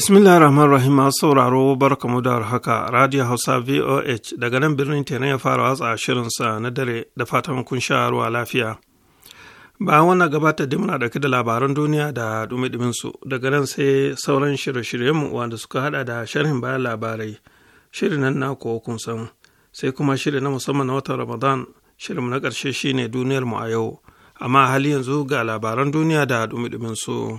Bismillah rahman rahim sauraro barkamu da haka Radio Hausa VOH daga nan birnin Tene ya fara watsa shirin sa na dare da fatan kun sha ruwa lafiya. Ba wannan gabatar da muna da labaran duniya da dumi su daga nan sai sauran shirye-shiryenmu wanda suka hada da sharhin bayan labarai shirin nan na kun san sai kuma shirin na musamman na watan Ramadan shirin na karshe shine duniyar mu a yau amma hali yanzu ga labaran duniya da dumi su.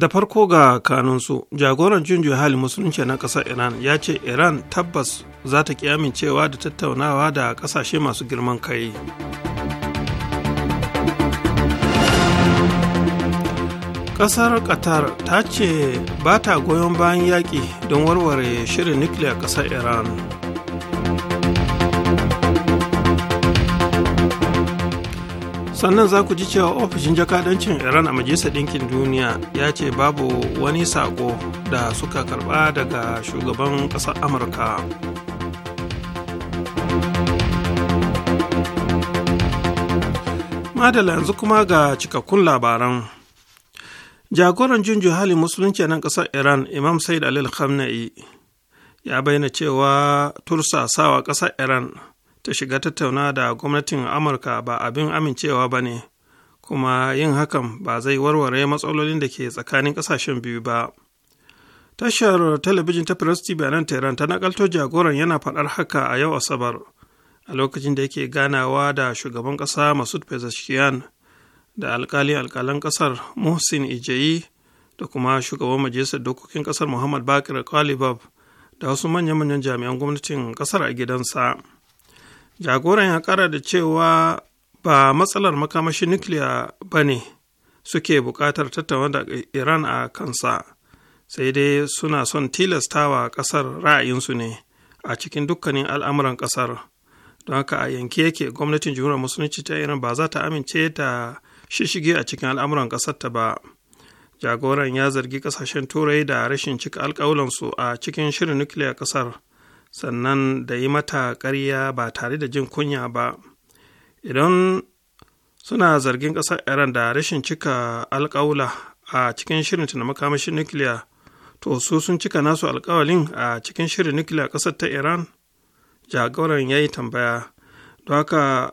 da farko ga kanunsu jagoran junjiya hali musulunci na ƙasar iran ya ce iran tabbas za ta ki amincewa da tattaunawa da ƙasashe masu girman kai ƙasar qatar ta ce ba ta goyon bayan yaƙi don warware shirin nukiliya ƙasar iran sannan za ku ji cewa ofishin jakadancin iran a majalisar ɗinkin duniya ya ce babu wani sako da suka karɓa daga shugaban ƙasar amurka madala yanzu kuma ga cikakkun labaran jagoran junju halin musulunci nan ƙasar iran imam said alil khamnai ya bayyana cewa tursasawa ƙasar iran ta shiga tattauna da gwamnatin amurka ba abin amincewa ba ne kuma yin hakan ba zai warware matsalolin da ke tsakanin kasashen biyu ba tashar talabijin ta firasti bayanan nan tehran ta nakalto jagoran yana faɗar haka a yau asabar a lokacin da yake ganawa da shugaban ƙasa masud pezeshkian da alkali alkalan ƙasar muhsin ijeyi da kuma shugaban majalisar dokokin ƙasar muhammad bakir kalibab da wasu manya-manyan jami'an gwamnatin ƙasar a gidansa. jagoran ya kara da cewa ba matsalar makamashin nukiliya ba ne suke bukatar tattauna da iran a kansa sai dai suna son tilastawa kasar ra'ayinsu ne a cikin dukkanin al'amuran kasar don haka a yanke yake gwamnatin jihunar musulunci ta iran ba za ta amince da shishige a cikin al'amuran kasar ta ba jagoran ya zargi kasashen turai da rashin cika alkawalansu a cikin shirin nukiliya kasar. sannan da yi mata ƙarya ba tare da jin kunya ba idan suna zargin ƙasar iran da rashin cika alƙawula a cikin shirin na makamashin nukiliya to su sun cika nasu alƙawalin a cikin shirin nukiliya ƙasar ta iran jagoran ya yi tambaya don haka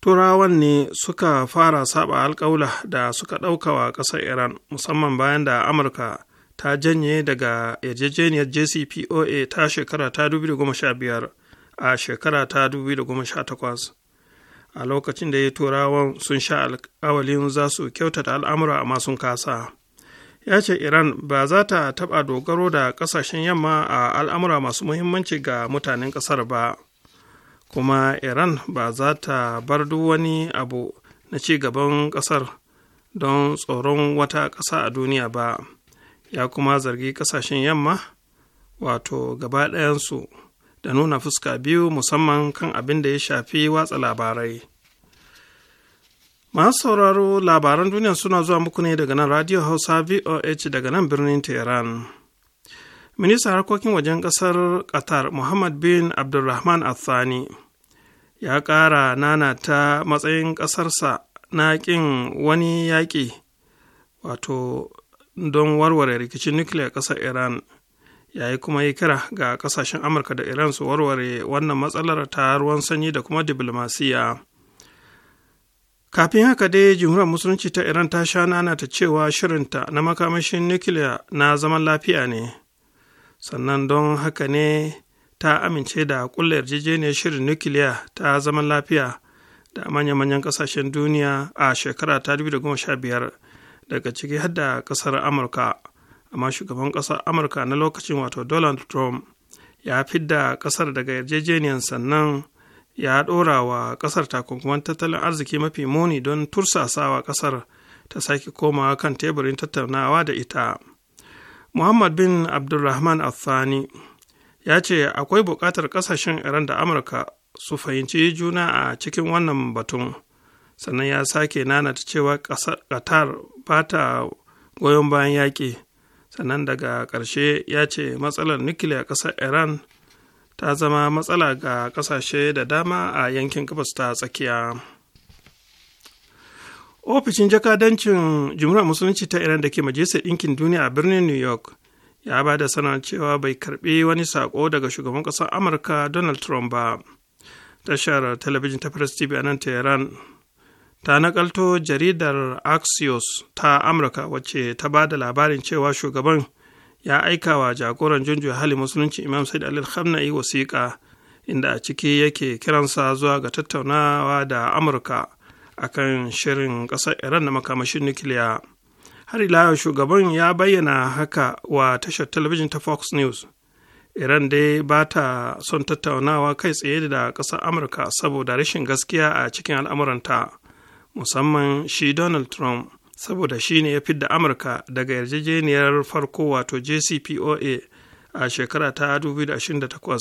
turawan ne suka fara saba alƙawula da suka ɗauka wa ƙasar iran musamman bayan da amurka ta janye daga yarjejeniyar jcpoa ta shekara ta 2015 a shekara ta 2018 a lokacin da ya turawan sun sha alkawalin za su kyautata al'amura amma sun kasa ya ce iran ba za ta taɓa dogaro da ƙasashen yamma a al'amura masu muhimmanci ga mutanen ƙasar ba kuma iran ba za ta bar duk wani abu na ci gaban ƙasar don tsoron wata ƙasa a duniya ba. ya kuma zargi kasashen yamma wato gaba ɗayansu da nuna fuska biyu musamman kan abin da ya shafi watsa labarai masu sauraro labaran duniya suna zuwa muku ne daga nan radio hausa voh daga nan birnin tehran ministan harkokin wajen ƙasar qatar muhammad bin abdulrahman athani ya ƙara ta matsayin ƙasarsa na ƙin wani yaƙi wato don warware rikicin nukiliya ƙasar iran yayi kuma yi kira ga ƙasashen amurka da iran su warware wannan matsalar ta ruwan sanyi da kuma diplomasiya kafin haka dai jumhuriyar musulunci ta iran ta sha nana ta cewa shirinta na makamashin nukiliya na zaman lafiya ne sannan don haka ne ta amince da kulla yarjejeniyar shirin nukiliya ta zaman lafiya da manya-manyan kasashen duniya a shekara ta 2015 daga ciki har da ƙasar amurka amma shugaban ƙasar amurka na lokacin wato donald trump ya fidda ƙasar daga yarjejeniyar sannan ya ɗora wa ƙasar takunkuman tattalin arziki mafi muni don tursasawa ƙasar ta sake komawa kan teburin tattaunawa da ita muhammad bin abdulrahman athani ya ce akwai buƙatar ƙasashen iran da amurka su fahimci juna a cikin wannan batun sannan ya sake nanata cewa qatar ba ta goyon bayan yaƙi sannan daga ƙarshe ya ce matsalar nukiliya ƙasar iran ta zama matsala ga ƙasashe da dama a yankin gabas ta tsakiya ofishin jakadancin jumhuriyar musulunci ta iran da ke majalisar ɗinkin duniya a birnin new york ya ba da sanar cewa bai karbi wani sako daga shugaban ƙasar amurka donald trump ba tashar talabijin ta press tv a nan iran. ta nakalto jaridar axios ta amurka wacce ta ba da labarin cewa shugaban ya aika wa jagoran junjuya hali musulunci imam said alil yi wasiƙa inda a ciki yake kiransa zuwa ga tattaunawa da amurka akan shirin ƙasar iran na makamashin nukiliya har ila shugaban ya bayyana haka wa tashar talabijin ta fox news iran dai ba ta son tattaunawa kai tsaye da ƙasar amurka saboda rashin gaskiya a cikin al'amuranta musamman shi donald trump saboda shi ne ya fidda amurka daga yarjejeniyar farko wato jcpoa a shekara ta 2028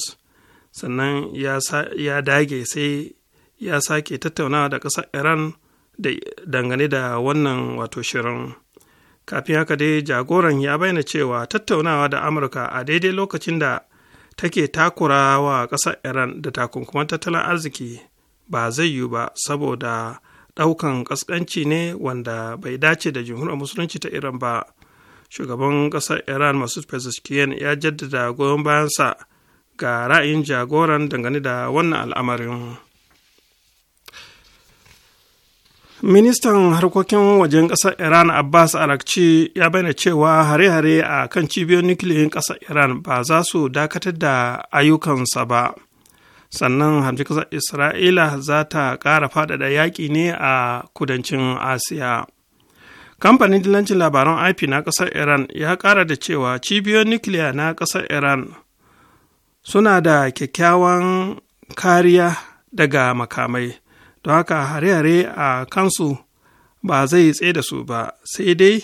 sannan ya dage sai ya sake tattaunawa da ƙasar iran dangane da wannan wato shirin kafin haka dai jagoran ya bayyana cewa tattaunawa da amurka a daidai lokacin da take takura wa ƙasar iran da takunkuman tattalin arziki ba zai yiwu ba saboda daukan kaskanci ne wanda bai dace da jamhuriyar musulunci ta iran ba shugaban ƙasar iran masu pezeshkian ya jaddada goyon bayansa ga ra'ayin jagoran dangane da wannan al'amarin ministan harkokin wajen ƙasar iran abbas arakci ya bayyana cewa hare-hare a kan cibiyoyin nukiliyar ƙasar iran ba za su dakatar da ayyukansa ba sannan hamjikasa isra'ila za ta ƙara faɗaɗa yaƙi ne a kudancin asiya kamfanin dillancin labaran ip na ƙasar iran ya ƙara da cewa cibiyoyin nukiliya na ƙasar iran suna da kyakkyawan kariya daga makamai don haka hare-hare a kansu ba zai tsaye da su ba sai dai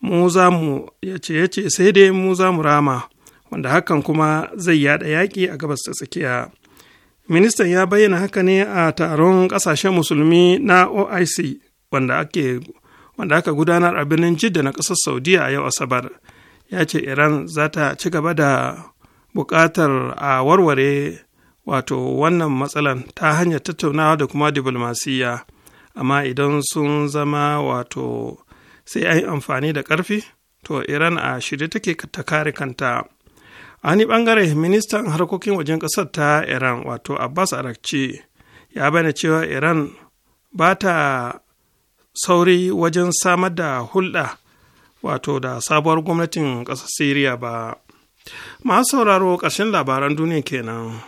mu za mu yace yace sai dai mu za mu rama wanda hakan kuma zai yada yaƙi a gabas ta tsakiya Ministan ya bayyana haka ne a taron ƙasashen musulmi na OIC wanda ake wanda aka gudanar a birnin Jidda na ƙasar Saudiya a yau Asabar. Ya ce Iran za ta ci gaba da buƙatar a warware wato wannan matsalan ta hanyar tattaunawa da kuma diplomasiyya amma idan sun zama wato sai an amfani da ƙarfi to Iran a shirye take ta kare kanta. ani wani bangare ministan harkokin wajen ƙasar ta iran wato abbas arakci ya bayyana cewa iran ba ta sauri wajen samar da hulɗa wato da sabuwar gwamnatin ƙasar syria ba masu sauraro ƙarshen labaran duniya kenan.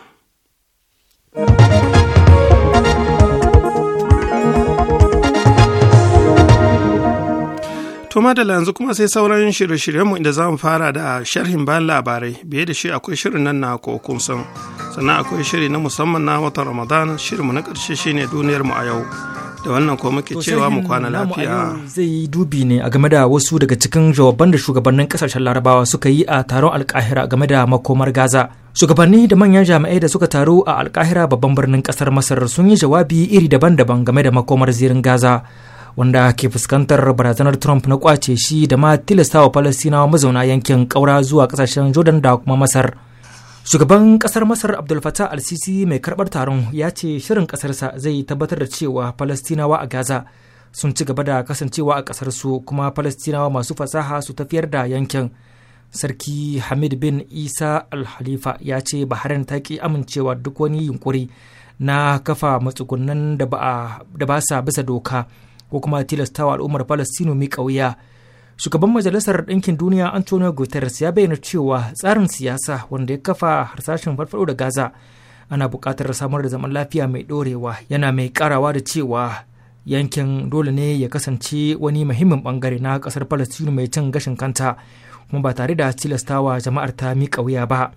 To madalla yanzu kuma sai sauran shirye-shiryenmu inda za mu fara da sharhin bayan labarai biye da shi akwai shirin nan na kun san sannan akwai shiri na musamman na watan ramadan shirinmu na ƙarshe shine duniyar mu a yau da wannan ko muke cewa mu kwana lafiya zai yi dubi ne a game da wasu daga cikin jawaban da shugabannin kasashen larabawa suka yi a taron alkahira game da makomar gaza shugabanni da manyan jami'ai da suka taru a alkahira babban birnin kasar masar sun yi jawabi iri daban-daban game da makomar zirin gaza wanda ke fuskantar barazanar trump na kwace shi da ma tilastawa falastinawa mazauna yankin kaura zuwa kasashen jordan da kuma masar shugaban kasar masar abdul fatah al-sisi mai karbar taron ya ce shirin kasarsa zai tabbatar da cewa falastinawa a gaza sun ci gaba da kasancewa a su kuma falastinawa masu fasaha su tafiyar da yankin sarki hamid bin isa al-halifa ya ce baharin ta ki amincewa duk wani yunkuri na kafa matsugunan da ba sa bisa doka ko kuma tilastawa al'ummar Falastinu miƙa wuya. Shugaban Majalisar Ɗinkin Duniya Antonio Guterres ya bayyana cewa tsarin siyasa wanda ya kafa harsashen farfaɗo da Gaza ana buƙatar samar da zaman lafiya mai ɗorewa yana mai ƙarawa da cewa yankin dole ne ya kasance wani muhimmin bangare na ƙasar Falastinu mai cin gashin kanta kuma ba tare da tilastawa jama'ar ta mi wuya ba.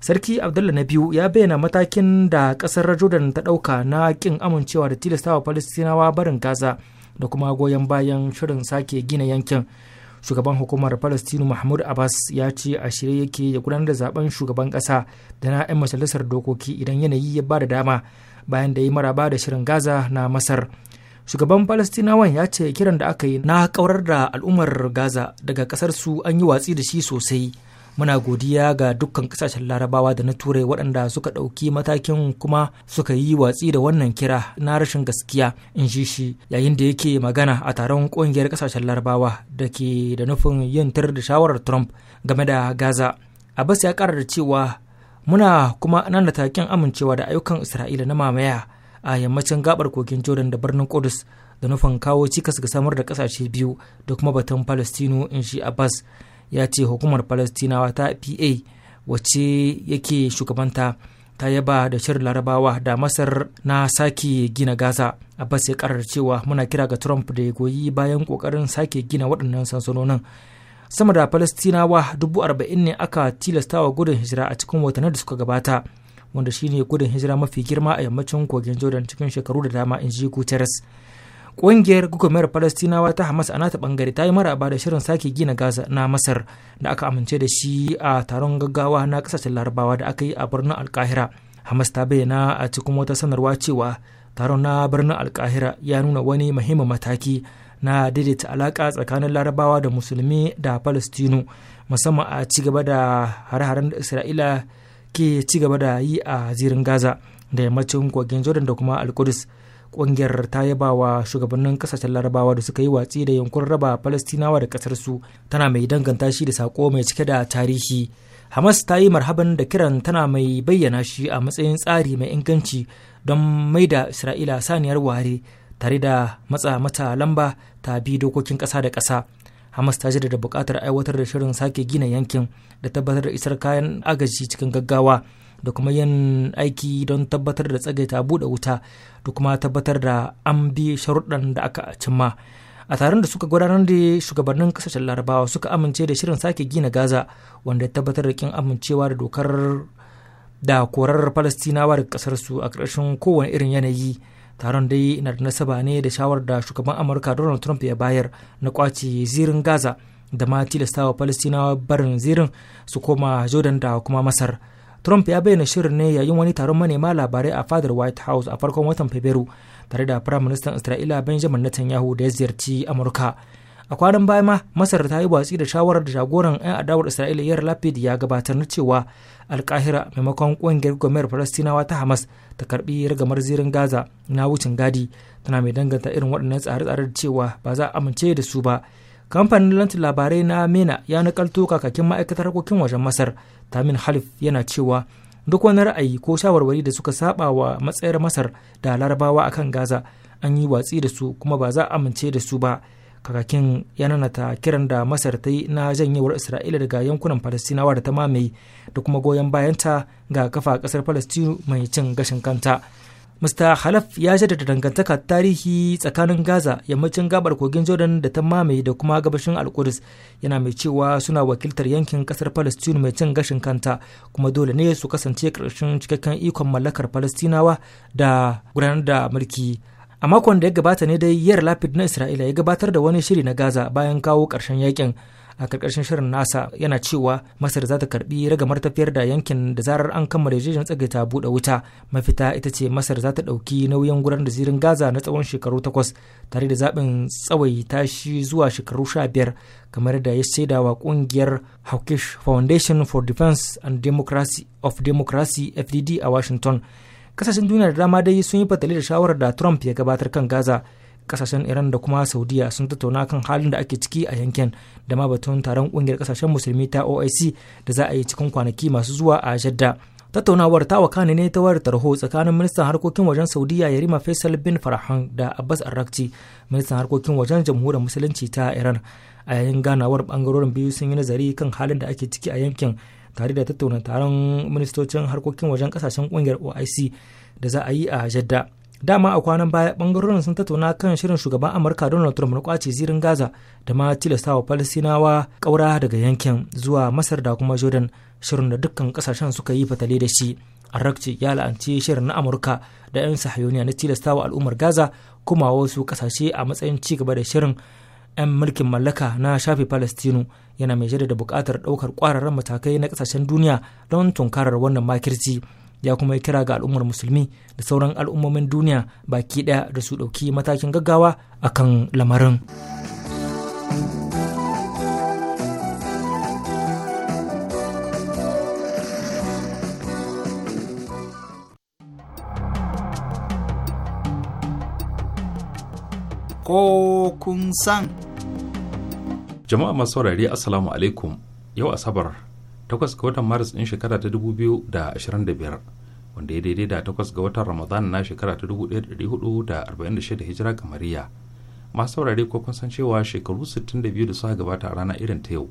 sarki abdullah na biyu ya bayyana matakin da kasar jordan ta ɗauka na ƙin amincewa da tilastawa palestinawa barin gaza da kuma goyon bayan shirin sake gina yankin shugaban hukumar palestinu mahmud abbas ya ce a shirye yake ya gudanar da zaben shugaban kasa da na 'yan majalisar dokoki idan yanayi ya ba da dama bayan da ya maraba da shirin gaza na masar shugaban palestinawan ya ce kiran da aka yi na kaurar da al'ummar gaza daga kasar su an yi watsi da shi sosai muna godiya ga dukkan kasashen larabawa da na turai waɗanda suka ɗauki matakin kuma suka yi watsi da wannan kira na rashin gaskiya in shi shi yayin da yake magana a taron ƙungiyar kasashen larabawa da ke da nufin yin tir da shawarar trump game da gaza abbas ya ƙara da cewa muna kuma nan da takin amincewa da ayyukan isra'ila na mamaya a yammacin gabar kogin jordan da birnin kudus da nufin kawo cikas ga samar da kasashe biyu da kuma batun palestino in shi abbas ya ce hukumar palestinawa ta pa wacce yake shugabanta ta yaba da shirin larabawa da masar na sake gina gaza abbas ya karar cewa muna kira ga trump da ya goyi bayan kokarin sake gina waɗannan sansanonin sama da palestinawa dubu arba'in ne aka tilastawa gudun hijira a cikin watannin da suka gabata wanda shine gudun hijira mafi girma a yammacin kogin jordan cikin shekaru da dama in ji guterres Ƙungiyar gwagwarmayar Falastinawa ta Hamas a nata bangare ta yi maraba da shirin sake gina Gaza na Masar da aka amince da shi a taron gaggawa na ƙasashen Larabawa da aka yi a birnin Alkahira. Hamas ta bayyana a cikin wata sanarwa cewa taron na birnin Alkahira ya nuna wani muhimmin mataki na daidaita alaƙa tsakanin Larabawa da Musulmi da Falastinu musamman a ci da hare-haren da Isra'ila ke ci gaba da yi a zirin Gaza da yammacin kogin Jordan da kuma Alkudus. ƙungiyar ta yaba wa shugabannin kasashen larabawa da suka yi watsi da yankun raba falastinawa da ƙasarsu su tana mai danganta shi da sako mai cike da tarihi hamas ta yi marhaban da kiran tana mai bayyana shi a matsayin tsari mai inganci don mai da isra'ila saniyar ware tare da matsa mata lamba ta bi dokokin ƙasa da ƙasa hamas ta da buƙatar aiwatar da shirin sake gina yankin da tabbatar da isar kayan agaji cikin gaggawa da kuma yin aiki don tabbatar da tsagaita buɗe wuta da kuma tabbatar da an bi sharuɗan da aka cimma a taron da suka gudanar da shugabannin kasashen larabawa suka amince da shirin sake gina gaza wanda ya tabbatar da kin amincewa da dokar da korar falastinawa da ƙasar su a ƙarshen kowane irin yanayi taron dai na da nasaba ne da shawar da shugaban amurka donald trump ya bayar na kwace zirin gaza da ma tilastawa falastinawa barin zirin su koma jordan da kuma masar Trump ya bayyana shirin ne yayin wani taron manema labarai a fadar White House a farkon watan Fabrairu tare da Prime minister Isra'ila Benjamin Netanyahu da ya ziyarci Amurka. A kwanan baya ma Masar ta yi watsi da shawarar da jagoran 'yan adawar Isra'ila Yair Lapid ya gabatar na cewa Alkahira maimakon ƙungiyar gwamnatin Falastinawa ta Hamas ta karbi ragamar zirin Gaza na wucin gadi tana mai danganta irin waɗannan tsare-tsare da cewa ba za a amince da su ba. kamfanin lantin labarai na mena ya nakalto kakakin ma'aikatar harkokin wajen masar tamin halif yana cewa duk wani ra'ayi ko shawarwari da suka saba wa matsayar masar da larabawa akan gaza an yi watsi da su kuma ba za a amince da su ba kakakin ya nanata kiran da masar ta yi na janyewar isra'ila daga yankunan falastinawa da ta mamaye da kuma goyon bayanta ga kafa kasar falastinu mai cin gashin kanta Mr. Halaf ya jaddada dangantaka tarihi tsakanin Gaza, yammacin gabar kogin Jordan da ta mamaye da kuma gabashin Alkudus, yana mai cewa suna wakiltar yankin kasar Palestine mai cin gashin kanta, kuma dole ne su kasance ƙarshen cikakken ikon mallakar Palestinawa da gudanar da mulki. A makon da ya gabata ne dai yar Lapid na Isra'ila ya gabatar da wani shiri na Gaza bayan kawo ƙarshen yakin. a karkashin shirin nasa yana cewa masar za ta karbi ragamar tafiyar da yankin da zarar an kammala yarjejen tsagaita buɗe wuta mafita ita ce masar za ta ɗauki nauyin gudanar da zirin gaza na tsawon shekaru takwas tare da zaɓin tsawai shi zuwa shekaru sha biyar kamar da ya shaida wa ƙungiyar hawkish foundation for defense and democracy of democracy fdd a washington kasashen duniya da dama dai sun yi fatali da shawarar da trump ya gabatar kan gaza kasashen iran da kuma saudiya sun tattauna kan halin da ake ciki a yankin da ma batun taron kungiyar kasashen musulmi ta oic da za a yi cikin kwanaki masu zuwa a jadda tattaunawar ta wakani ne ta wayar tarho tsakanin ministan harkokin wajen saudiya yarima faisal bin farhan da abbas arrakci ministan harkokin wajen jamhuriyar musulunci ta iran a yayin ganawar bangarorin biyu sun yi nazari kan halin da ake ciki a yankin tare da tattauna taron ministocin harkokin wajen kasashen kungiyar oic da za a yi a jadda dama a kwanan baya bangarorin sun tattauna kan shirin shugaban amurka donald trump na kwace zirin gaza da ma tilastawa falastinawa kaura daga yankin zuwa masar da kuma jordan shirin da dukkan kasashen suka yi fatale da shi arakci ya la'anci shirin na amurka da 'yan sahayoniya na tilastawa al'ummar gaza kuma wasu kasashe a matsayin ci gaba da shirin 'yan mulkin mallaka na shafe palestinu yana mai jaddada buƙatar ɗaukar ƙwararren matakai na ƙasashen duniya don tunkarar wannan makirci ya kuma yi kira ga al'ummar musulmi da sauran al'ummomin duniya baki ɗaya da su ɗauki matakin gaggawa a kan lamarin. Ko kun san. Jama'a masu saurari Assalamu alaikum yau Asabar takwas ga watan maris ɗin shekara ta 2025 wanda ya daidai da takwas ga watan ramadan na shekara ta 1446 hijira kamariya masu saurare ko kun san cewa shekaru 62 da suka gabata a rana irin ta yau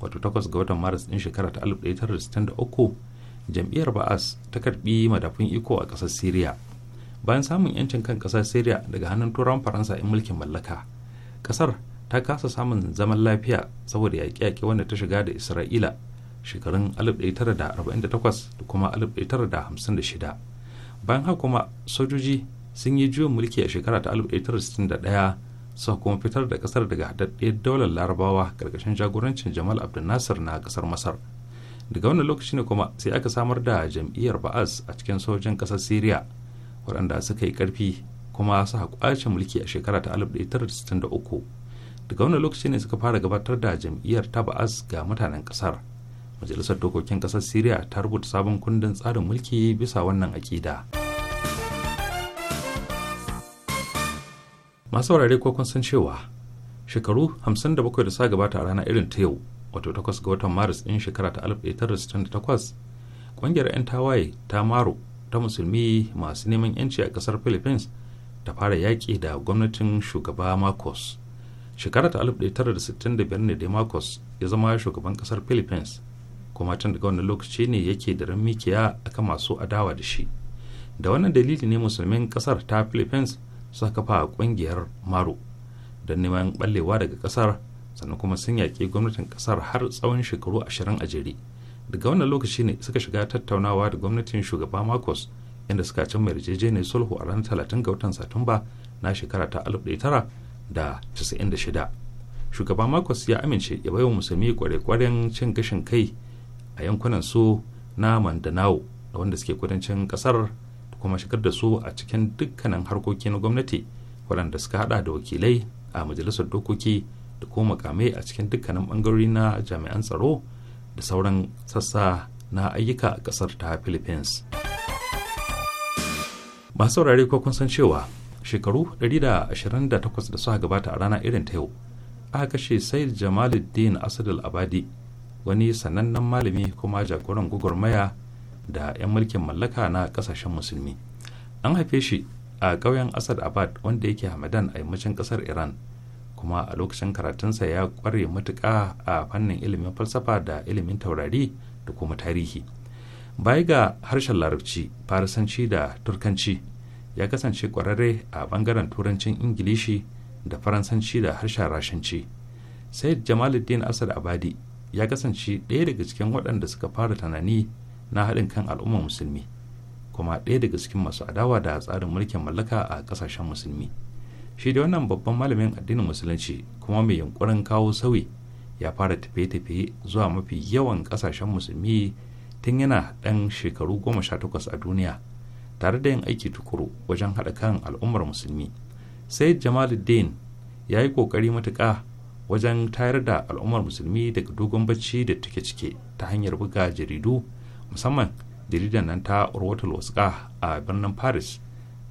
wato takwas ga watan maris din shekara ta 1963 jam'iyyar ba'as ta karbi madafun iko a ƙasar siriya bayan samun yancin kan kasar syria daga hannun turawan faransa in mulkin mallaka kasar ta kasa samun zaman lafiya saboda yaƙe-yaƙe wanda ta shiga da isra'ila shekarun 1948 da kuma 1956 bayan haka kuma sojoji sun yi juyin mulki a shekara ta 1961 suka kuma fitar da kasar daga haɗaɗɗiyar daular larabawa ƙarƙashin jagorancin jamal abdul nasir na kasar masar daga wannan lokaci ne kuma sai aka samar da jam'iyyar ba'az a cikin sojin ƙasar syria waɗanda suka yi ƙarfi kuma su kwace mulki a shekara ta 1963 daga wannan lokaci ne suka fara gabatar da jam'iyyar ta ba'az ga mutanen ƙasar majalisar dokokin kasar syria ta rubuta sabon kundin tsarin mulki bisa wannan akida masu saurare ko kun san cewa shekaru 57 da sa gabata a rana irin ta yau wato 8 ga watan maris ɗin shekara ta 1968 ƙungiyar 'yan tawaye ta maro ta musulmi masu neman 'yanci a ƙasar philippines ta fara yaƙi da gwamnatin shugaba marcos shekara ta 1965 ne da marcos ya zama shugaban ƙasar philippines kuma tun daga wannan lokaci ne yake da ran mikiya akan masu adawa da shi da wannan dalili ne musulmin kasar ta philippines suka kafa kungiyar maro don neman ballewa daga kasar sannan kuma sun yaƙi gwamnatin kasar har tsawon shekaru ashirin a jere daga wannan lokaci ne suka shiga tattaunawa da gwamnatin shugaba marcos inda suka cimma yarjejeniyar sulhu a ranar talatin ga watan satumba na shekara ta tara da da shida shugaba marcos ya amince ya bai wa musulmi kware-kwaren cin gashin kai a yankunan su na mandanao da wanda suke kudancin kasar da kuma shigar da su a cikin dukkanin harkoki na gwamnati waɗanda suka hada da wakilai a majalisar dokoki da kuma makamai a cikin dukkanin bangarori na jami'an tsaro da sauran sassa na ayyuka a kasar ta philippines masu saurare ko kun san cewa shekaru 128 da suka gabata a rana irin ta yau aka kashe said jamaluddin asadul abadi wani sanannen malami kuma jagoran gwagwarmaya da 'yan mulkin mallaka na kasashen musulmi an haife shi a ƙauyen asad abad wanda yake hamadan a yammacin ƙasar iran kuma a lokacin karatunsa ya ƙware matuƙa a fannin ilimin falsafa da ilimin taurari da kuma tarihi baya ga harshen larabci farisanci da turkanci ya kasance ƙwararre a bangaren turancin ingilishi da faransanci da harshen rashanci sayyid jamaluddin asad abadi ya kasance ɗaya daga cikin waɗanda suka fara tunani na haɗin kan al'ummar musulmi kuma ɗaya daga cikin masu adawa da tsarin mulkin mallaka a ƙasashen musulmi shi da wannan babban malamin addinin musulunci kuma mai yunkurin kawo sauyi ya fara tafiye-tafiye zuwa mafi yawan ƙasashen musulmi tun yana ɗan shekaru goma sha takwas a duniya tare da yin aiki tukuru wajen haɗa kan al'ummar musulmi sai jamaluddin ya yi ƙoƙari matuƙa wajen tayar da al'ummar musulmi daga dogon bacci da take cike ta hanyar buga jaridu musamman jaridan nan ta urwatul wasqa a birnin paris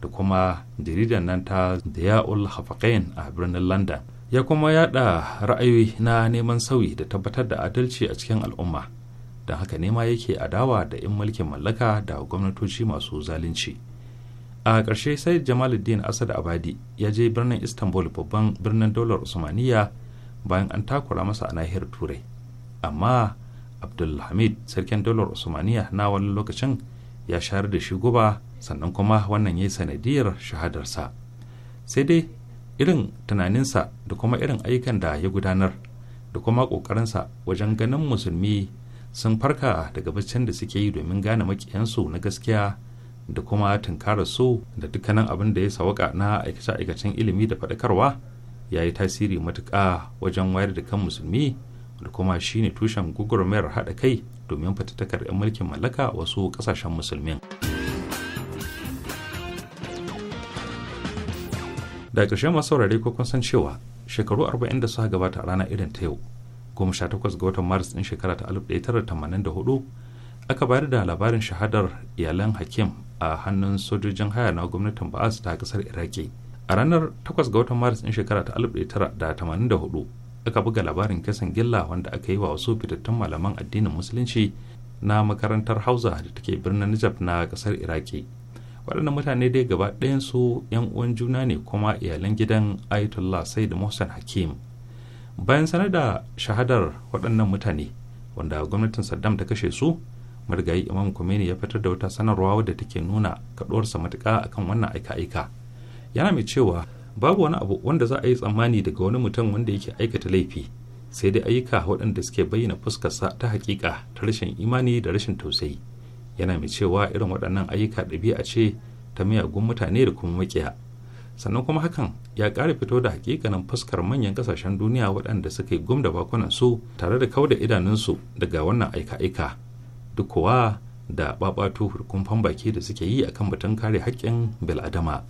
da kuma jaridan nan ta diya'ul hafaqain a birnin london ya kuma yada ra'ayoyi na neman sauyi da tabbatar da adalci a cikin al'umma don haka ne nema yake adawa da 'yan mulkin mallaka da gwamnatoci masu zalunci a ƙarshe sai jamaluddin asad abadi ya je birnin istanbul babban birnin daular usmaniya bayan an takura masa a nahiyar turai amma abdulhamid sarkin daular usmaniya na wani lokacin ya shayar da shi guba sannan kuma wannan ya yi sanadiyar shahadarsa sai dai irin tunaninsa da kuma irin ayyukan da ya gudanar da kuma ƙoƙarinsa wajen ganin musulmi sun farka daga baccin da suke yi domin gane makiyansu na gaskiya da kuma tunkararsu su da dukkanin abin da ya sawaka na aikace-aikacen ilimi da faɗakarwa ya yi tasiri matuƙa wajen wayar da kan musulmi da kuma shine tushen mayar haɗa kai domin fatattakar 'yan mulkin mallaka wasu ƙasashen musulmin. da ƙarshe masu saurare ko kun san cewa shekaru 40 da suka gabata a rana irin ta yau goma sha takwas ga watan maris ɗin shekara ta 1984 aka bayar da labarin shahadar iyalan hakim a hannun sojojin haya na gwamnatin ba'as ta ƙasar iraki a ranar 8 ga watan maris ɗin shekara ta 1984 aka buga labarin kisan gilla wanda aka yi wa wasu fitattun malaman addinin musulunci na makarantar hausa da take birnin Nijab na kasar iraki waɗannan mutane dai gaba ɗayansu yan uwan juna ne kuma iyalan gidan ayatollah da mohsen hakim bayan sanar da shahadar waɗannan mutane wanda gwamnatin saddam ta kashe su marigayi imam khomeini ya fitar da wata sanarwa wadda take nuna kaɗuwarsa matuƙa akan wannan aika-aika yana mai cewa babu wani abu wanda za a yi tsammani daga wani mutum wanda yake aikata laifi sai dai ayyuka waɗanda suke bayyana fuskarsa ta hakika ta rashin imani da rashin tausayi yana mai cewa irin waɗannan ayyuka ɗabi'a ce ta miyagun mutane da kuma makiya sannan kuma hakan ya ƙara fito da hakikanin fuskar manyan ƙasashen duniya waɗanda suka yi gum da bakunan su tare da kauda idanunsu daga wannan aika-aika duk kuwa da babatu hukumfan baki da suke yi akan batun kare haƙƙin bil'adama.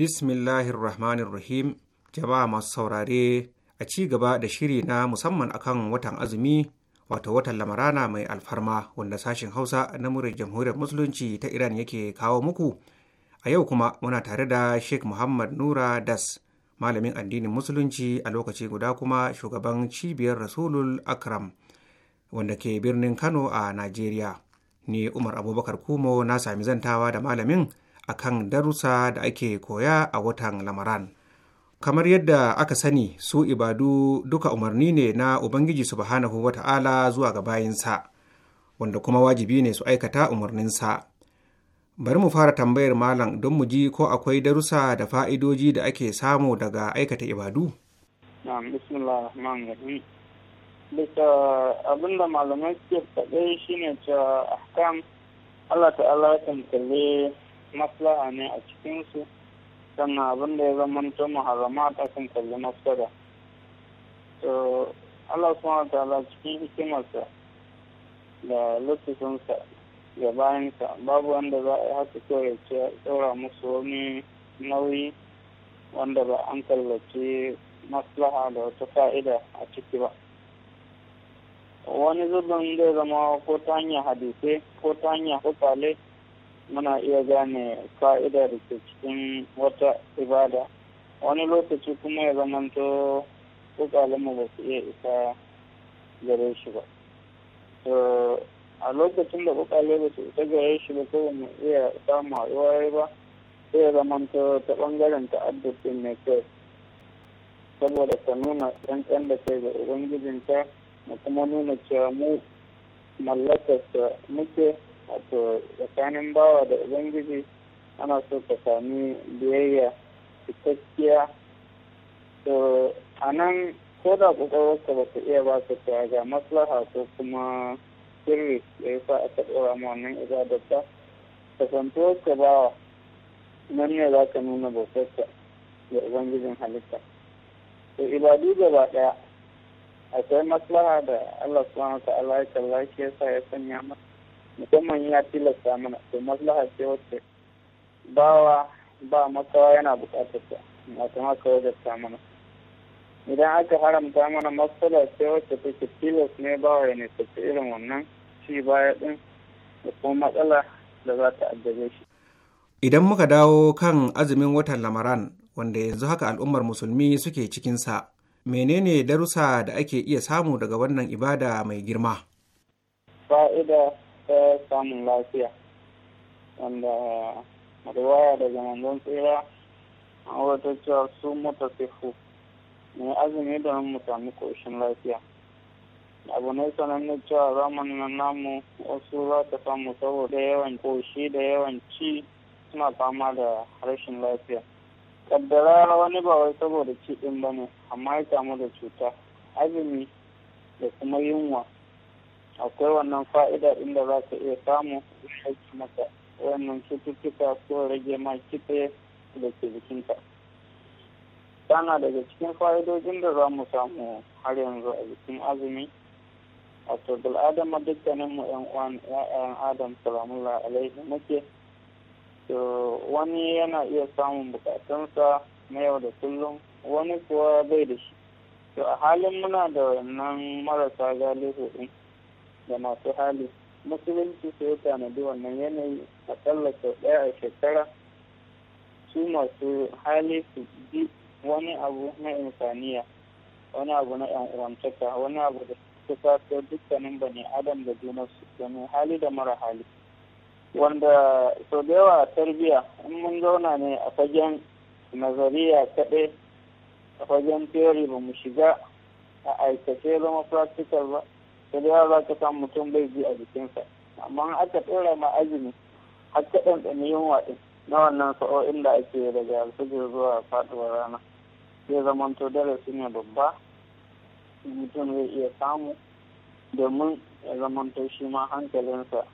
bismillahir rahmanir rahim jama'a masu saurare a ci gaba da shiri na musamman akan watan azumi wato watan lamarana mai alfarma wanda sashen hausa na murin jamhuriyar musulunci ta iran yake kawo muku a yau kuma muna tare da sheikh muhammad nura das malamin addinin musulunci a lokaci guda kuma shugaban cibiyar rasulul akram wanda ke birnin kano a najeriya ni umar abubakar kumo na sami zantawa da malamin akan darussa da ake koya a watan lamaran kamar yadda aka sani su ibadu duka umarni ne na ubangiji subhanahu wata'ala zuwa ga bayinsa wanda kuma wajibi ne su aikata umarninsa bari mu fara tambayar malam don mu ji ko akwai darussa da fa'idoji da ake samu daga aikata ibadu bisa abin da malamai suke faɗe ne ta ahkam Allah ta'ala kan kalle maslaha ne a cikinsu sannan abin da ya zamanto ta kan kalli mafsada to Allah wa ta'ala cikin hikimarsa da lokacinsa da bayansa babu wanda za a yi haka kawai ya ce ɗaura musu wani nauyi wanda ba an kallaci maslaha da wata fa'ida a ciki ba wani zubin zai zama ko ta hanyar hadisai ko ta hanyar hukale muna iya gane fa'ida da ke cikin wata ibada wani lokaci kuma ya to kukalinmu ba su iya isa gare shi ba to a lokacin da kukale ba su isa gare shi ba ko mu iya samu haɗuwa ba sai ya to ta ɓangaren ta'addufin mai kyau saboda ta nuna ɗanɗan da kai ga ubangijinta da kuma nuna cewa mu mallakarsa muke wato tsakanin bawa da ubangiji ana so ka sami biyayya cikakkiya to a nan ko da ƙwaƙwarwarsa ba ta iya ba su ga maslaha ko kuma sirri da ya sa aka ɗora ma wannan ibadar ta kasantuwar ka bawa nan ne za ka nuna bautarka da ubangijin halitta to ibadu gaba ɗaya akwai maslaha da Allah subhanahu wa ta'ala ya kalla yasa ya sanya masa musamman ya tilasta mana to maslaha ce wacce bawa ba makawa yana buƙatar ta wato wajen ta mana idan aka haramta mana matsala ce wacce take tilas ne bawa ya nisanci irin wannan ci baya ɗin da kuma matsala da za ta addabe shi idan muka dawo kan azumin watan lamaran wanda yanzu haka al'ummar musulmi suke cikinsa menene darussa da ake iya samu daga wannan ibada mai girma fa'ida ta samun lafiya wanda riwaya daga manzon tsira an wata cewa su sifu ne azumi don mutane koshin lafiya abu ne sananne cewa zamanin nan namu wasu za ta samu saboda yawan koshi da yawan ci suna fama da rashin lafiya kaddara wani ba wai saboda ci din ba ne amma ya kamu da cuta azumi da kuma yunwa akwai wannan fa'ida inda za ka iya samu aiki maka wannan cututtuka ko rage ma kitse da ke jikinta tana daga cikin fa'idojin da za mu samu har yanzu a jikin azumi A wato adama dukkanin mu yan uwan ya'yan adam salamullah alaihi muke to wani yana iya samun bukatunsa na yau da kullum wani kuwa bai da shi to a halin muna da wannan marasa galihu din da masu hali musulunci su ya tanadi wannan yanayi akalla sau ɗaya a shekara su masu hali su bi wani abu na insaniya wani abu na yan uwantaka wani abu da su fato dukkanin bane adam da junarsu domin hali da mara hali wanda sau da yawa a tarbiya in mun zauna ne a fagen nazariya kaɗai a fagen theory ba mu shiga a aikace zama practical ba sai da za ka samu mutum bai ji a jikinsa amma aka tsira ma azumi har ka ɗanɗani yunwa ɗin na wannan sa'o'in da ake daga alfajir zuwa faɗuwar rana zai dare darasi ne babba mutum zai iya samu domin ya to shi ma hankalinsa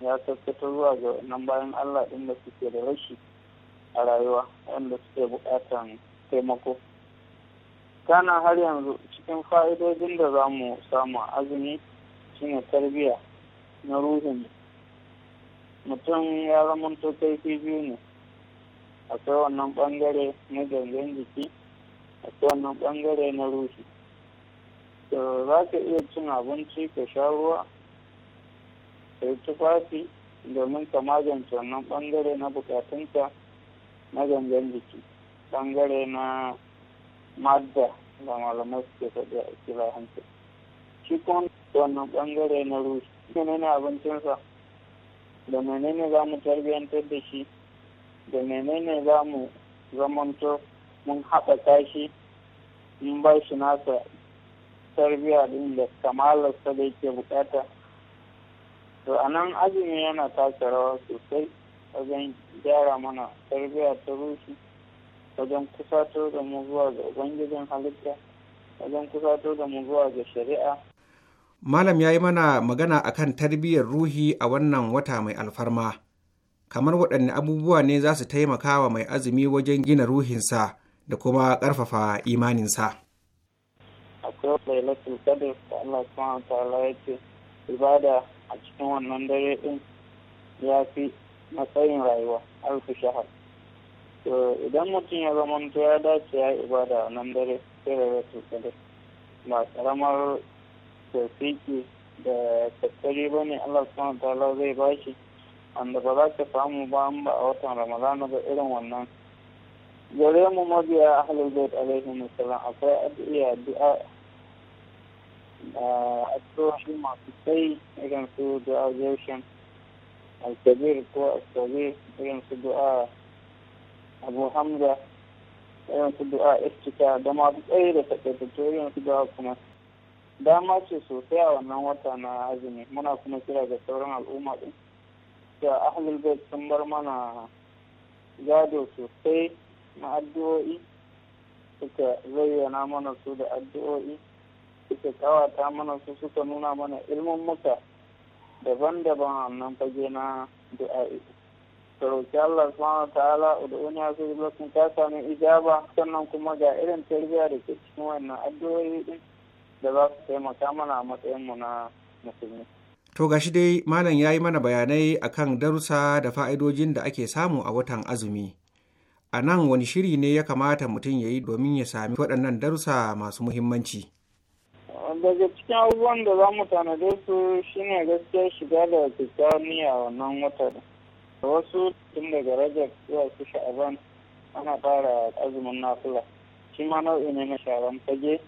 ya sassata zuwa ga nan bayan Allah ɗin da suke da rashi a rayuwa wanda suke buƙatan taimako. kana har yanzu cikin fa'idodin da za mu samu azumi shine tarbiyya na ruhin mutum ya zamanto kaifi biyu ne akwai wannan bangare na gangan jiki akwai wannan bangare na ruhi da za ka iya cin abinci ka sha ruwa ka yi tufafi domin ka magance wannan bangare na bukatunka na gangan jiki bangare na madda da malamai suke faɗi a ikilahanci shi kuma wannan ɓangare na ne menene abincinsa da menene za mu tarbiyyantar da shi da menene za mu zamanto mun haɗa shi mun ba shi nasa tarbiyya ɗin da kamalarsa da yake bukata to a nan azumi yana taka rawa sosai wajen gyara mana tarbiyya ta rushe. wajen kusatar da mu zuwa ga ubangijin halitta wajen kusatar da mu zuwa ga shari'a malam ya yi mana magana akan tarbiyyar ruhi a wannan wata mai alfarma kamar waɗanne abubuwa ne za su taimaka wa mai azumi wajen gina ruhinsa da kuma ƙarfafa imaninsa akwai ibada a cikin wannan dare ɗin ya fi matsayin rayuwa alfi shahar to idan mutum ya zama ya dace ya yi ibada a nan dare sai da rasu kadai ba karamar tafiki da tattali ba ne allah subhanahu ta'ala zai ba shi wanda ba za ka samu ba an ba a watan ramadana ga irin wannan gare mu mabiya ahlul bait alaihi salam akwai addu'a du'a a tsohon masu tsayi irin su du'a zaushen alkabir ko alkabir irin su du'a abu hamza irin su du'a istika da ma tsaye da takaitattu irin su du'a kuma dama ce sosai a wannan wata na azumi muna kuma kira ga sauran al'umma din da ahlul bait sun bar mana gado sosai na addu'o'i suka zayyana mana su da addu'o'i suka kawata mana su suka nuna mana ilmin muka daban-daban wannan fage na du'a'i ta roki Allah subhanahu ta'ala ud'uni zuba, sun ta sami ijaba sannan kuma ga irin tarbiyya da ke cikin wannan addu'o'i din da za su taimaka mana a matsayin mu na musulmi To gashi dai malam ya yi mana bayanai akan darussa da fa'idojin da ake samu a watan azumi. A nan wani shiri ne ya kamata mutum ya yi domin ya sami waɗannan darussa masu muhimmanci. Daga cikin abubuwan da za mu tanade su shine gaskiya shiga da kyakkyawar niyya wannan wata wasu tun daga rajab zuwa su sha'aban ana fara azumin nafila shi ma nau'i ne na sharan fage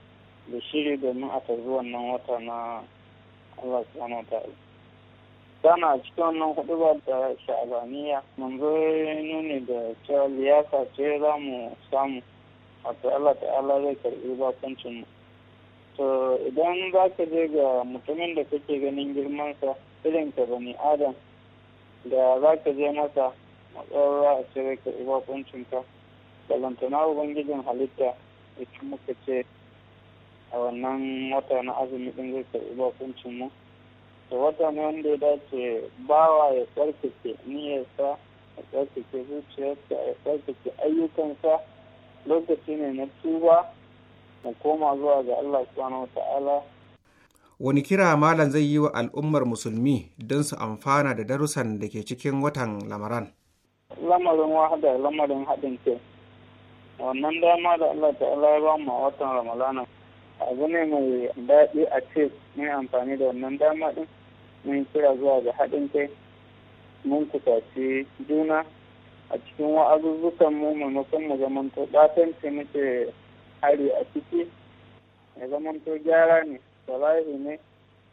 da shiri domin a tarbi wannan wata na Allah subhanahu wa sana a cikin wannan hudu ba da sha'abaniya manzo ya nuni da cewa liyafa ce za mu samu wato Allah ta'ala zai karɓi bakuncin mu to idan za ka je ga mutumin da kake ganin girmansa irinka bani adam da za ka je masa matsayarwa a cire ka iwa kuncinka balantana ubangijin halitta da muka ce a wannan wata na azumi din zai ka bakuncin mu Da wata ne wanda ya dace bawa ya tsarkake niyyarsa ya tsarkake zuciyarsa ya tsarkake ayyukansa lokaci ne na tuba mu koma zuwa ga Allah subhanahu ta'ala wani kira malam zai yi wa al'ummar musulmi don su amfana da darussan da ke cikin watan lamaran lamarin wahada lamarin haɗin ke wannan dama da allah ta'ala ya ba mu watan ramalana abu ne mai daɗi a ce mai amfani da wannan dama ɗin mun kira zuwa ga haɗin kai mun kusaci juna a cikin wa'azuzzukan mu maimakon mu zamanto ɓatanci muke hari a ciki ya zamanto gyara ne salahi ne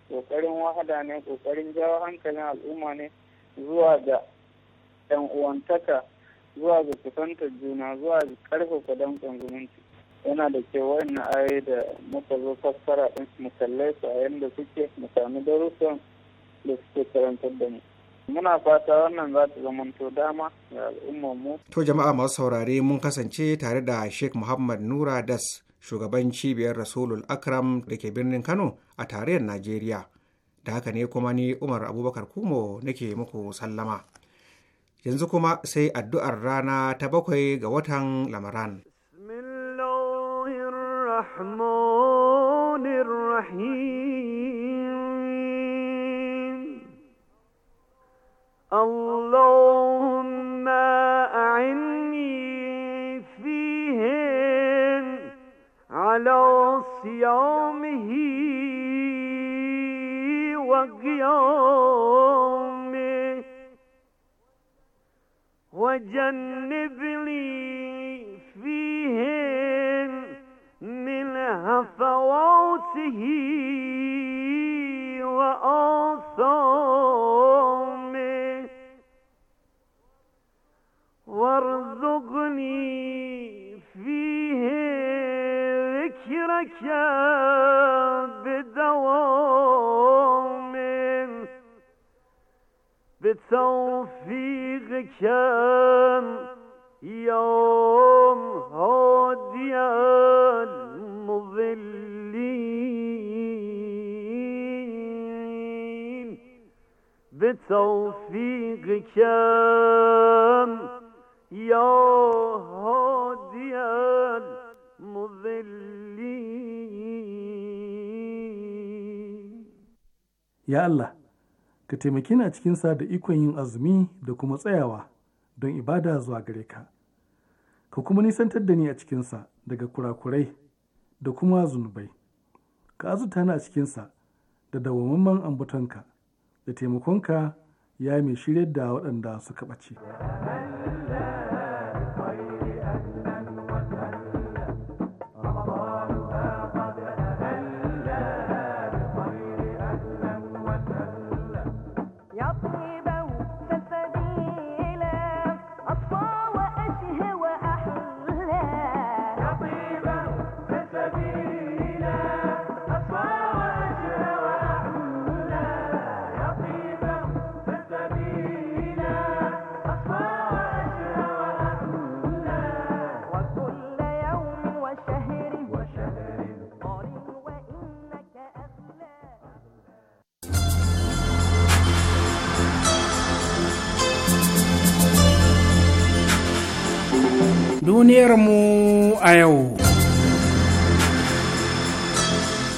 kokarin wahada ne kokarin jawo hankalin al'umma ne zuwa ga ɗan uwantaka zuwa ga kusantar juna zuwa ga ƙarfafa danƙon zumunci yana da ke na aye da muka zo fassara ɗin mu su a yadda suke mu sami darussan da suke karantar da mu muna fata wannan za ta to dama ga al'ummar mu to jama'a masu saurare mun kasance tare da sheikh muhammad nura das shugaban cibiyar rasulul akram da ke birnin kano a tarayyar najeriya da haka ne kuma ni umar abubakar kumo nake muku sallama yanzu kuma sai addu'ar rana ta bakwai ga watan lamaran اللهم على صيامه وقيامه لي فيهن من هفواته وآثامه وارزقني لك بدوام بتوفيقك يوم هادي المضلين بتوفيقك يا هادي المضلين ya Allah ka taimaki ni a cikinsa da ikon yin azumi da kuma tsayawa don ibada zuwa gare ka ka kuma nisantar da ni a cikinsa daga kurakurai da kuma zunubai ka azuta ni a cikinsa da dawamman ambatonka da taimakonka ya mai shirya da waɗanda suka ɓace. duniyarmu a yau.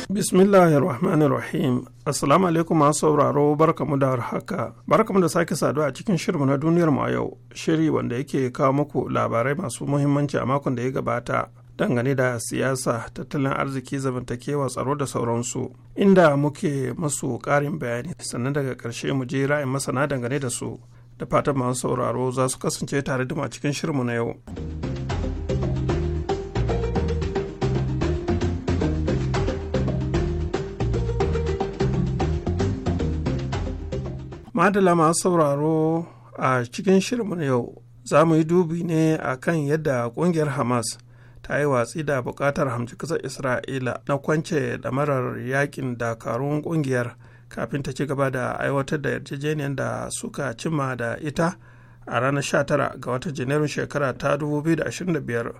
Bismillahir Rahmanir Rahim. Assalamu alaikum masu sauraro barkamu da haka. Barkamu da sake saduwa a cikin shirmu na duniyar mu a yau, shiri wanda yake kawo muku labarai masu muhimmanci a makon da ya gabata. dangane da siyasa tattalin arziki zamantakewa tsaro da sauransu inda muke masu karin bayani sannan daga karshe mu je ra'ayin masana dangane da su da fatan masu sauraro za su kasance tare da mu a cikin shirmu na yau. madala masu sauraro a cikin shirin na yau za mu yi dubi ne a kan yadda kungiyar hamas ta yi watsi da bukatar hamci ƙasar isra'ila na kwance damarar yakin dakarun kungiyar kafin ta ci gaba da aiwatar da yarjejeniyar da suka cimma da ita a ranar 19 ga watan janairun shekara ta 2025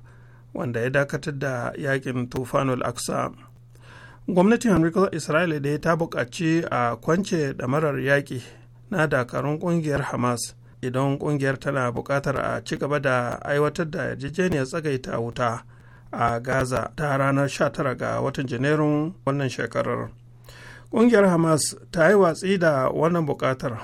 wanda ya dakatar da yakin tufanul aksa gwamnatin hamci isra'ila dai ta buƙaci a kwance da marar yaƙi na dakarun kungiyar hamas idan kungiyar tana buƙatar a ci gaba da aiwatar da yarjejeniyar tsagaita wuta a gaza ta ranar 19 ga watan janairun wannan shekarar kungiyar hamas ta yi watsi da wannan buƙatar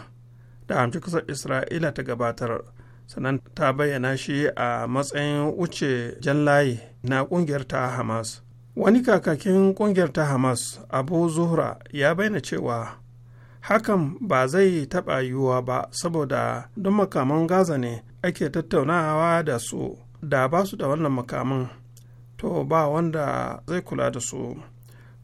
da amci kasar isra'ila ta gabatar sannan ta bayyana shi a matsayin wuce jan layi na kungiyar ta hamas wani kakakin kungiyar ta hamas abu zuhra ya bayyana cewa hakan ba zai taɓa yiwuwa ba saboda don makaman gaza ne ake tattaunawa da su da ba su da wannan makaman to ba wanda zai kula da su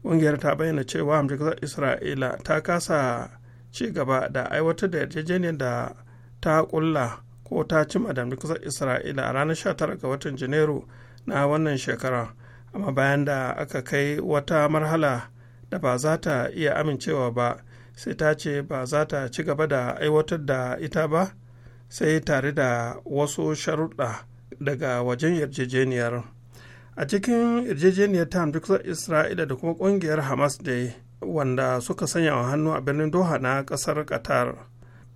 ƙungiyar ta bayyana cewa amurkar isra'ila ta kasa ci gaba da aiwatar da yarjejeniyar da ta ƙulla ko ta cima da amurkar isra'ila a ranar 19 ga watan janairu na wannan shekara amma bayan da aka kai wata marhala da ba za ta iya amincewa ba sai ta ce ba za ta ci gaba da aiwatar da ita ba sai tare da wasu sharuɗa daga wajen yarjejeniyar a cikin yarjejeniyar ta hamdukar isra'ila da kuma ƙungiyar hamas da wanda suka sanya wa hannu a birnin doha na ƙasar qatar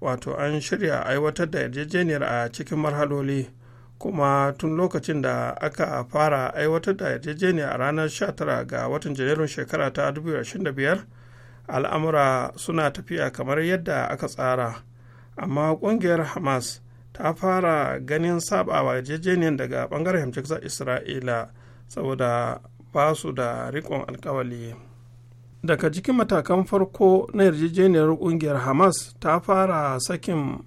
wato an shirya aiwatar da yarjejeniyar a cikin marhaloli kuma tun lokacin da aka fara aiwatar da yarjejeniyar a ranar 19 ga watan janairun shekara ta 2025 al'amura suna tafiya kamar yadda aka tsara amma ƙungiyar hamas ta fara ganin sabawa yarjejeniyar daga ɓangaren hamshiksar isra'ila saboda ba su da riƙon alkawali daga cikin matakan farko na yarjejeniyar ƙungiyar hamas ta fara sakin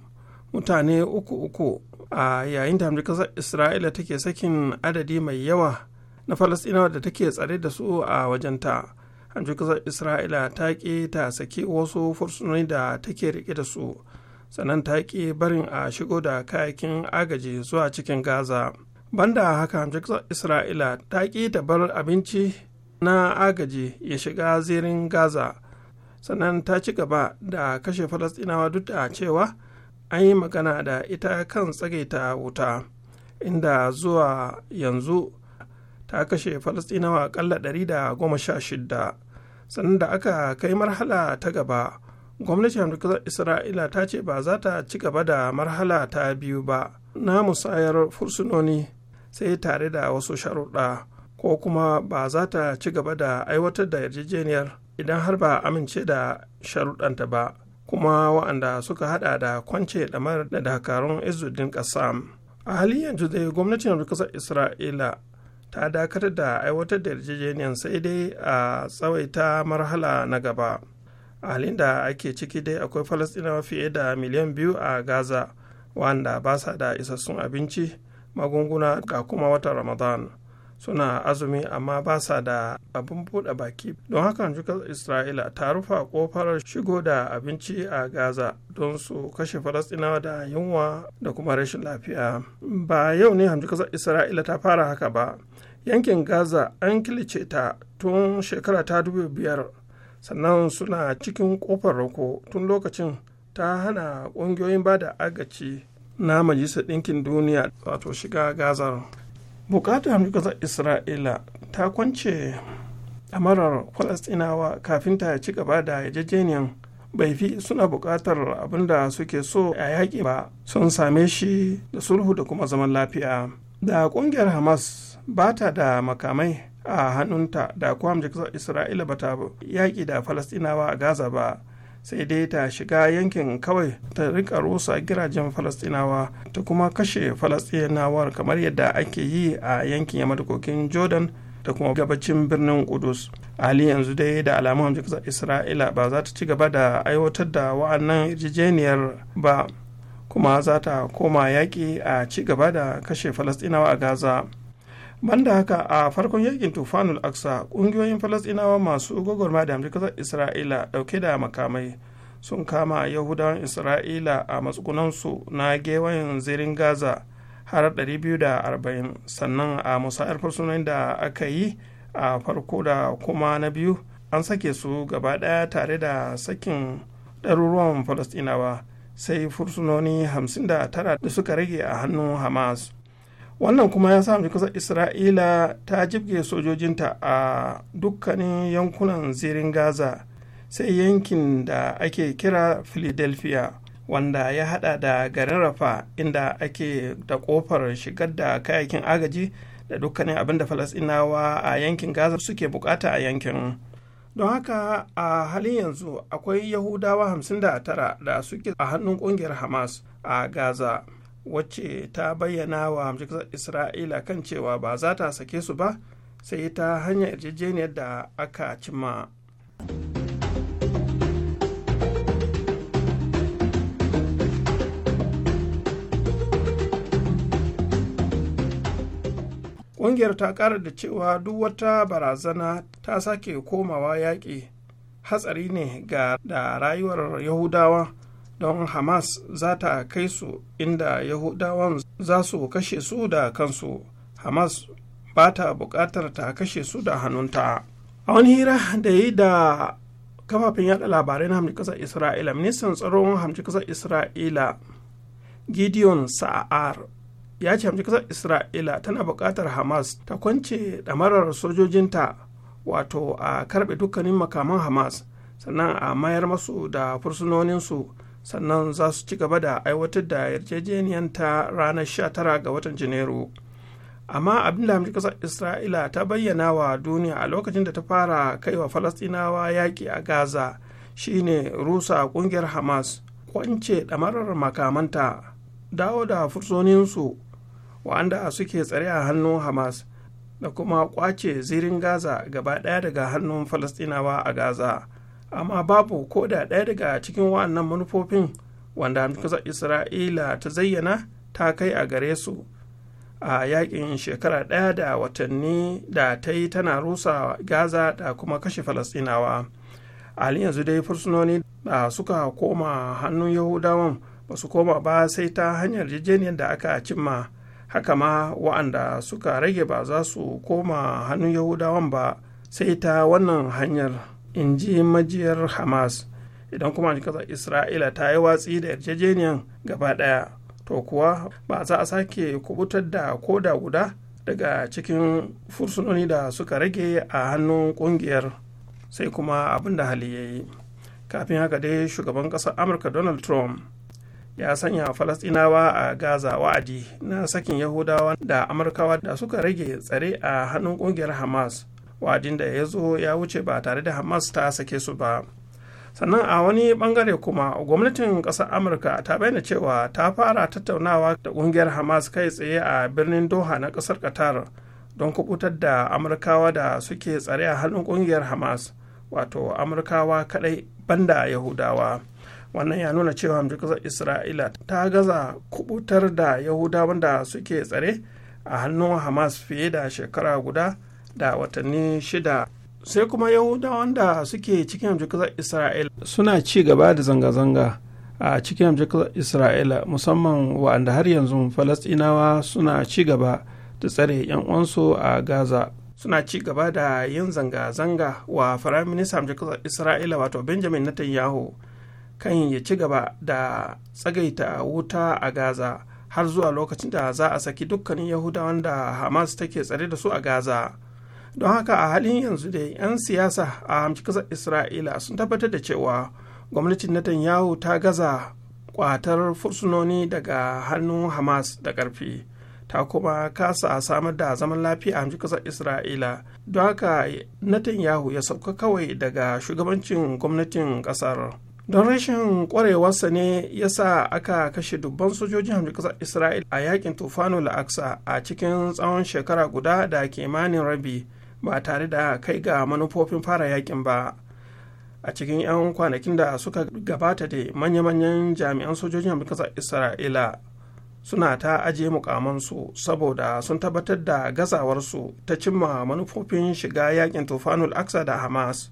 mutane uku uku a yayin da kasar isra'ila take sakin adadi mai yawa na falasɗinawa da take tsare da su a wajenta. ji kasar isra'ila ta ƙi ta saki wasu fursunoni da take rike da su sannan ta ƙi barin a shigo da kayakin agaji zuwa cikin gaza banda haka ji kasar isra'ila ta ƙi ta bar abinci na agaji ya shiga zirin gaza sannan ta ci gaba da kashe falastinawa duk da cewa an yi magana da ita kan tsagaita wuta inda zuwa yanzu ta kashe falastinawa akalla 116 sannan da aka kai marhala ta gaba gwamnatin hamdukar isra'ila ta ce ba za ta ci gaba da marhala ta biyu ba na musayar fursunoni sai tare da wasu sharuɗa ko kuma ba za ta ci gaba da aiwatar da yarjejeniyar idan har ba amince da sharuɗanta ba kuma wa'anda suka hada da kwance damar da dakarun izuddin kasam a halin yanzu dai gwamnatin kasar isra'ila ta dakatar da aiwatar da yarjejeniyar sai dai a tsawaita marhala na gaba a halin da ake ciki dai akwai falastinawa fiye da miliyan biyu a gaza wanda ba sa da isassun abinci magunguna ga kuma wata ramadan suna azumi amma ba sa da abin buɗe baki don haka jukar isra'ila ta rufa kofar shigo da abinci a gaza don su kashe falastinawa da yunwa da kuma rashin lafiya ba yau ne hamjukar isra'ila ta fara haka ba yankin gaza an kilice ta tun shekara ta biyar sannan suna cikin kofar roko tun lokacin ta hana ƙungiyoyin ba da agaci na majalisar ɗinkin duniya wato shiga gazar bukatar ƙasar isra'ila ta kwance a amarar falastinawa kafin ta ci gaba da yajejeniyar bai fi suna buƙatar abin da suke so a yaƙi ba sun same shi da sulhu da kuma zaman lafiya da ƙungiyar hamas ba ta da makamai a hannunta da kuwa kasar isra'ila ba ta yaƙi da falastinawa a gaza ba sai dai ta shiga yankin kawai ta rika rusa girajen falastinawa ta kuma kashe falastinawa kamar yadda ake yi a yankin yamma jordan da kuma gabacin birnin kudus Ali yanzu dai da alamun hamjikasar isra'ila ba za ta ci gaba da aiwatar da wa'annan yarjejeniyar ba kuma za ta koma yaƙi a ci gaba da kashe falastinawa a gaza banda haka a farkon yakin tufanul aksa kungiyoyin falasɗinawa masu gwagwarma da amurkar isra'ila dauke da makamai sun kama yahudawan isra'ila a matsugunansu na gewayen zirin gaza har 240 sannan a musayar fursunan da aka yi a farko da kuma na biyu an sake su gaba daya tare da sakin ɗaruruwan falasɗinawa sai fursunoni 59 da suka rage a hannun hamas wannan kuma ya sami kasar isra'ila ta jibge sojojinta a dukkanin yankunan zirin gaza sai yankin da ake kira philadelphia wanda ya hada da garin rafa inda ake da kofar shigar da kayakin agaji da dukkanin abin da falasinawa a yankin gaza suke bukata a yankin don haka a halin yanzu akwai yahudawa 59 da suke a hannun kungiyar hamas a gaza wacce ta bayyana wa hamshin isra'ila kan cewa ba za ta sake su ba sai ta hanyar yarjejeniyar da aka cimma. ƙungiyar ta ƙara da cewa duk wata barazana ta sake komawa yaƙi hatsari ne ga da rayuwar yahudawa don hamas za ta kai su inda yahudawan za su kashe su da kansu hamas ba ta buƙatar ta kashe su da hannunta a wani hira da yi da kafafen yada labarai na hamji kasar isra'ila ministan tsaron hamji kasar isra'ila gideon sa'ar ya ce hamji kasar isra'ila tana bukatar hamas ta kwance ɗamarar sojojinta wato a karɓe dukkanin makaman hamas sannan a mayar masu da fursunoninsu sannan za su ci gaba da aiwatar da yarjejeniyar ta ranar 19 ga watan janairu amma abin da kasar isra'ila ta bayyana wa duniya a lokacin da ta fara kai wa falastinawa yaƙi a gaza shine rusa ƙungiyar hamas kwance ɗamarar makamanta dawo da fursoninsu wa'anda suke tsare a hannun hamas da kuma kwace zirin gaza gaba ɗaya daga hannun falastinawa a gaza amma babu ko da ɗaya daga cikin wa'annan manufofin wanda ƙasar isra'ila ta zayyana ta kai a gare su a yakin shekara ɗaya da watanni da ta yi tana rusa gaza da kuma kashe falasɗinawa halin yanzu dai fursunoni da suka koma hannun yahudawan ba su koma ba sai ta hanyar jejeniyar da aka cimma haka ma wa'anda suka rage ba za su koma hannun yahudawan ba sai ta wannan hanyar in ji majiyar hamas idan kuma kasar isra'ila ta yi watsi da yarjejeniyan gaba ɗaya to kuwa ba za a sake kubutar da koda guda daga cikin fursunoni da suka rage a hannun kungiyar sai kuma abin da hali ya yi kafin haka dai shugaban ƙasar amurka donald trump ya sanya falastinawa a gaza wa'adi na sakin yahudawa da amurkawa da suka rage tsare a hannun kungiyar hamas wa'adin da ya zo ya wuce ba tare da hamas ta sake su ba sannan a wani bangare kuma gwamnatin ƙasar amurka ta bayyana cewa ta fara tattaunawa da ƙungiyar hamas kai tsaye a birnin doha na ƙasar qatar don kubutar da amurkawa da suke tsare a hannun ƙungiyar hamas wato amurkawa kaɗai banda yahudawa wannan ya nuna cewa hamdukasar isra'ila ta gaza kubutar da yahudawan da suke tsare a hannun hamas fiye da shekara guda da watanni shida sai kuma Yahudawa da suke cikin amjikar isra'ila suna ci gaba da zanga-zanga a cikin amjikar isra'ila musamman wa'anda har yanzu falasɗinawa suna ci gaba da tsare 'yan uwansu a gaza suna ci gaba da yin zanga-zanga wa firayim minista amjikar isra'ila wato benjamin netanyahu kan ya ci gaba da tsagaita wuta a gaza har zuwa lokacin da za a saki dukkanin yahudawan da hamas take tsare da su a gaza don haka a halin yanzu dai 'yan siyasa a hamci kasar isra'ila sun tabbatar da cewa gwamnatin netanyahu ta gaza kwatar fursunoni daga hannun hamas da ƙarfi ta kuma kasa samar da zaman lafiya a hamci kasar isra'ila don haka netanyahu ya sauka kawai daga shugabancin gwamnatin ƙasar. don rashin kwarewarsa ne ya sa aka kashe dubban sojojin hamdu kasar isra'il a yakin tufano la'aksa a cikin tsawon shekara guda da kimanin rabi ba tare da kai ga manufofin fara yakin ba a cikin 'yan kwanakin da suka gabata da manya-manyan jami'an sojojin gasar isra'ila suna ta ajiye mukamansu saboda sun tabbatar da gazawarsu ta cimma manufofin shiga yakin tufanul aksa da hamas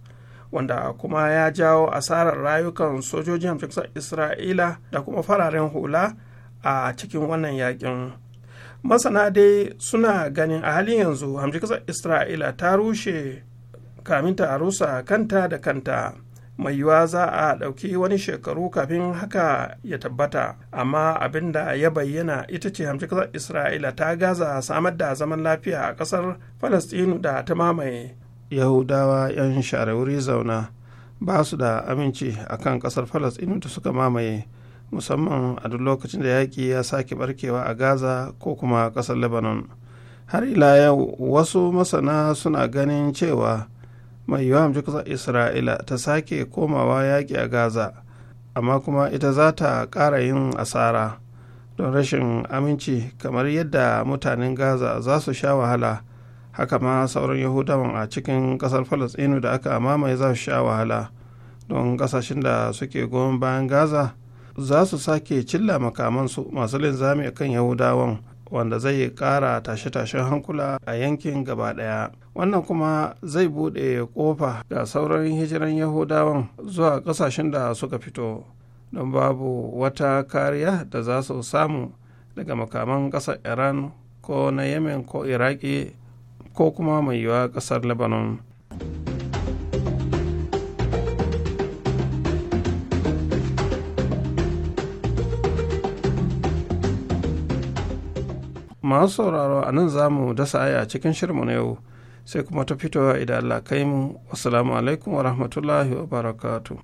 wanda kuma ya jawo asarar rayukan sojojin kasar isra'ila da kuma fararen hula a cikin wannan yakin. masana dai suna ganin a halin yanzu hamji kasar isra'ila ta rushe kaminta a rusa kanta da kanta mai yiwuwa za a ɗauki wani shekaru kafin haka ya tabbata amma abin da ya bayyana ita ce hamci kasar isra'ila ta gaza samar da zaman lafiya a ƙasar falastinu da ta mamaye yahudawa 'yan share wuri zauna ba su da aminci akan ƙasar falastinu da suka mamaye musamman a duk lokacin da yaƙi ya sake barkewa a gaza ko kuma ƙasar lebanon har ila yau wasu masana suna ganin cewa mai yiwuwa hamji ƙasar isra'ila ta sake komawa yaƙi a gaza amma kuma ita za ta ƙara yin asara don rashin aminci kamar yadda mutanen gaza za su sha wahala haka ma sauran yahudawan a cikin ƙasar falasɗinu da aka mamaye za su sha wahala don ƙasashen da suke goma bayan gaza za su sake cilla makamansu masu linzami kan yahudawan wanda zai kara tashe-tashen hankula a yankin gaba daya wannan kuma zai bude kofa ga sauran hijiran yahudawan zuwa kasashen da suka fito don babu wata kariya da za su samu daga makaman kasar iran ko na yemen ko iraki ko kuma mai yiwa kasar lebanon masu sauraro a nan za mu dasa aya a cikin shirmu na yau sai kuma ta fitowa idan Allah kai mu. Assalamu alaikum wa rahmatullahi wa barakatuh.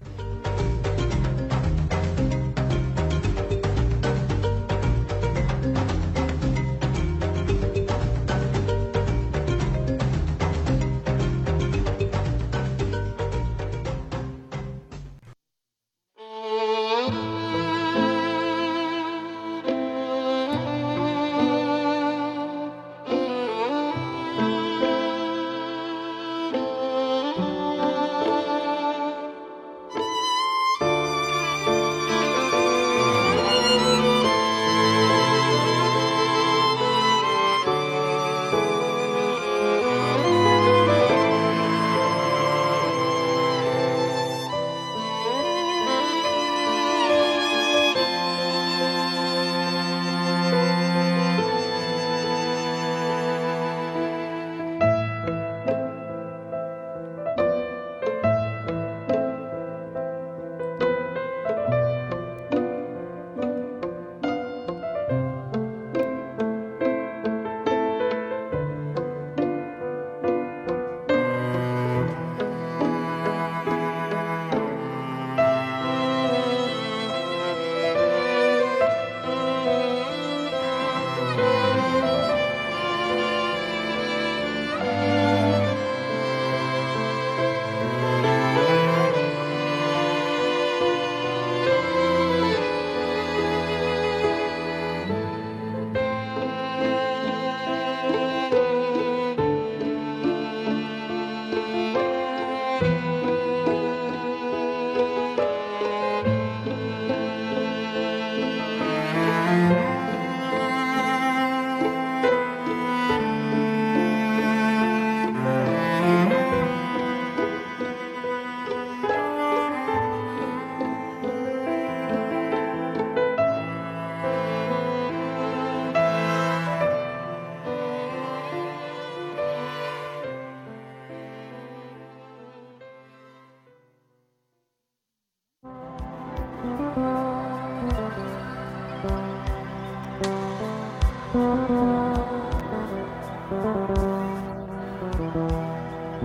thank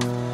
you